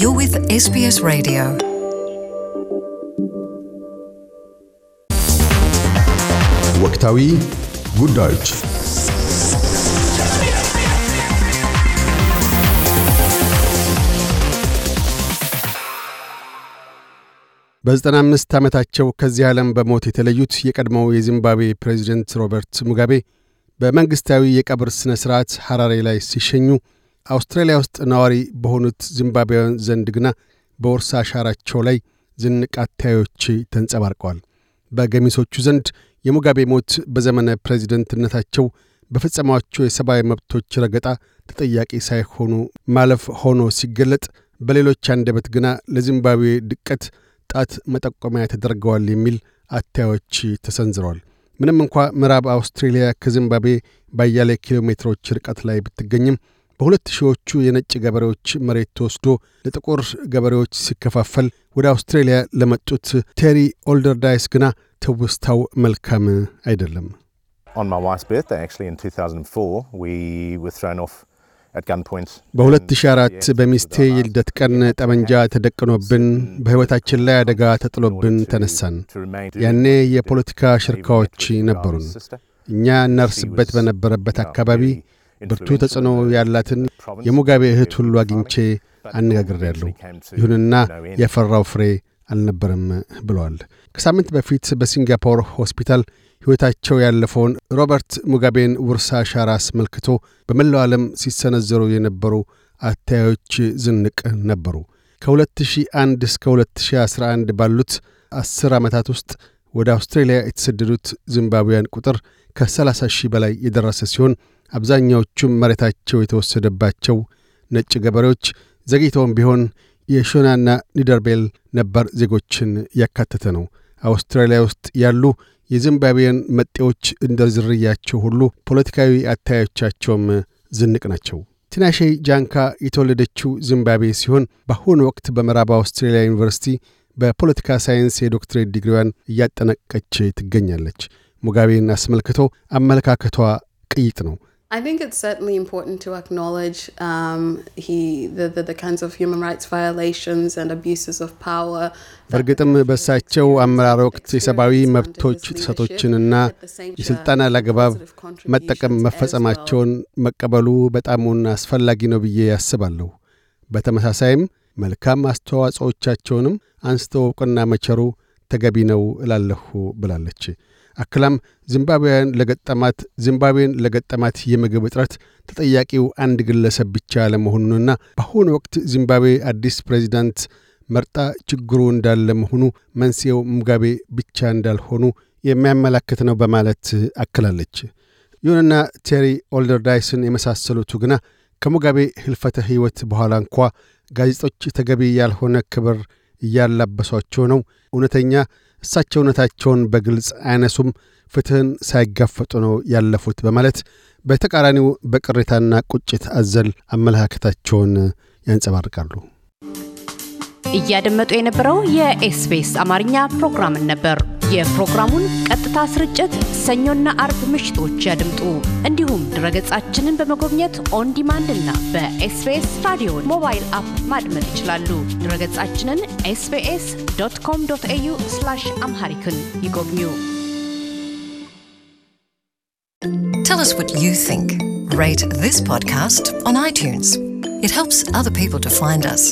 You're with SBS Radio. ወቅታዊ ጉዳዮች በዘጠና አምስት ዓመታቸው ከዚህ ዓለም በሞት የተለዩት የቀድሞው የዚምባብዌ ፕሬዚደንት ሮበርት ሙጋቤ በመንግሥታዊ የቀብር ሥነ ሥርዓት ሐራሬ ላይ ሲሸኙ አውስትራሊያ ውስጥ ነዋሪ በሆኑት ዚምባብያውያን ዘንድ ግና በወርሳ አሻራቸው ላይ ዝንቅ ተንጸባርቀዋል። በገሚሶቹ ዘንድ የሙጋቤ ሞት በዘመነ ፕሬዚደንትነታቸው በፈጸሟቸው የሰብአዊ መብቶች ረገጣ ተጠያቂ ሳይሆኑ ማለፍ ሆኖ ሲገለጥ፣ በሌሎች አንደበት ግና ለዚምባብዌ ድቀት ጣት መጠቆሚያ ተደርገዋል የሚል አታዮች ተሰንዝረዋል። ምንም እንኳ ምዕራብ አውስትሬልያ ከዚምባብዌ ባያሌ ኪሎ ሜትሮች ርቀት ላይ ብትገኝም በሁለት ሺዎቹ የነጭ ገበሬዎች መሬት ተወስዶ ለጥቁር ገበሬዎች ሲከፋፈል ወደ አውስትሬልያ ለመጡት ቴሪ ኦልደርዳይስ ግና ትውስታው መልካም አይደለም። በ2004 በሚስቴ የልደት ቀን ጠመንጃ ተደቅኖብን በሕይወታችን ላይ አደጋ ተጥሎብን ተነሳን። ያኔ የፖለቲካ ሽርካዎች ነበሩን። እኛ እናርስበት በነበረበት አካባቢ ብርቱ ተጽዕኖ ያላትን የሙጋቤ እህት ሁሉ አግኝቼ አነጋግሬያለሁ። ይሁንና የፈራው ፍሬ አልነበረም ብለዋል። ከሳምንት በፊት በሲንጋፖር ሆስፒታል ሕይወታቸው ያለፈውን ሮበርት ሙጋቤን ውርሳ አሻራ አስመልክቶ በመላው ዓለም ሲሰነዘሩ የነበሩ አታዮች ዝንቅ ነበሩ። ከ2001 እስከ 2011 ባሉት ዐሥር ዓመታት ውስጥ ወደ አውስትሬልያ የተሰደዱት ዚምባብያን ቁጥር ከ30 ሺህ በላይ የደረሰ ሲሆን አብዛኛዎቹም መሬታቸው የተወሰደባቸው ነጭ ገበሬዎች ዘግይተውም ቢሆን የሾናና ኒደርቤል ነባር ዜጎችን ያካተተ ነው። አውስትራሊያ ውስጥ ያሉ የዚምባብዌን መጤዎች እንደ ዝርያቸው ሁሉ ፖለቲካዊ አታዮቻቸውም ዝንቅ ናቸው። ቲናሼ ጃንካ የተወለደችው ዚምባብዌ ሲሆን በአሁኑ ወቅት በምዕራብ አውስትራሊያ ዩኒቨርሲቲ በፖለቲካ ሳይንስ የዶክትሬት ዲግሪዋን እያጠናቀች ትገኛለች። ሙጋቤን አስመልክቶ አመለካከቷ ቅይጥ ነው። I think it's certainly important to acknowledge um, he, the, the, the kinds of human rights violations and abuses of power. በእርግጥም በሳቸው አመራር ወቅት የሰብአዊ መብቶች ጥሰቶችንና የሥልጣን አላግባብ መጠቀም መፈጸማቸውን መቀበሉ በጣሙን አስፈላጊ ነው ብዬ ያስባለሁ። በተመሳሳይም መልካም አስተዋጽኦቻቸውንም አንስቶ እውቅና መቸሩ ተገቢ ነው እላለሁ ብላለች። አክላም ዚምባብያን ለገጠማት ዚምባብዌን ለገጠማት የምግብ እጥረት ተጠያቂው አንድ ግለሰብ ብቻ ለመሆኑንና በአሁኑ ወቅት ዚምባብዌ አዲስ ፕሬዚዳንት መርጣ ችግሩ እንዳለ መሆኑ መንስኤው ሙጋቤ ብቻ እንዳልሆኑ የሚያመላክት ነው በማለት አክላለች። ይሁንና ቴሪ ኦልደርዳይስን የመሳሰሉቱ ግና ከሙጋቤ ህልፈተ ሕይወት በኋላ እንኳ ጋዜጦች ተገቢ ያልሆነ ክብር እያላበሷቸው ነው፣ እውነተኛ እሳቸው እውነታቸውን በግልጽ አያነሱም፣ ፍትህን ሳይጋፈጡ ነው ያለፉት በማለት በተቃራኒው በቅሬታና ቁጭት አዘል አመለካከታቸውን ያንጸባርቃሉ። እያደመጡ የነበረው የኤስቢኤስ አማርኛ ፕሮግራምን ነበር። የፕሮግራሙን ቀጥታ ስርጭት ሰኞና አርብ ምሽቶች ያድምጡ። እንዲሁም ድረገጻችንን በመጎብኘት ኦን ዲማንድ እና በኤስቢኤስ ራዲዮ ሞባይል አፕ ማድመጥ ይችላሉ። ድረገጻችንን ኤስቢኤስ ዶት ኮም ዶት ኤዩ አምሃሪክን ይጎብኙ። Tell us what you think. Rate this podcast on iTunes. It helps other people to find us.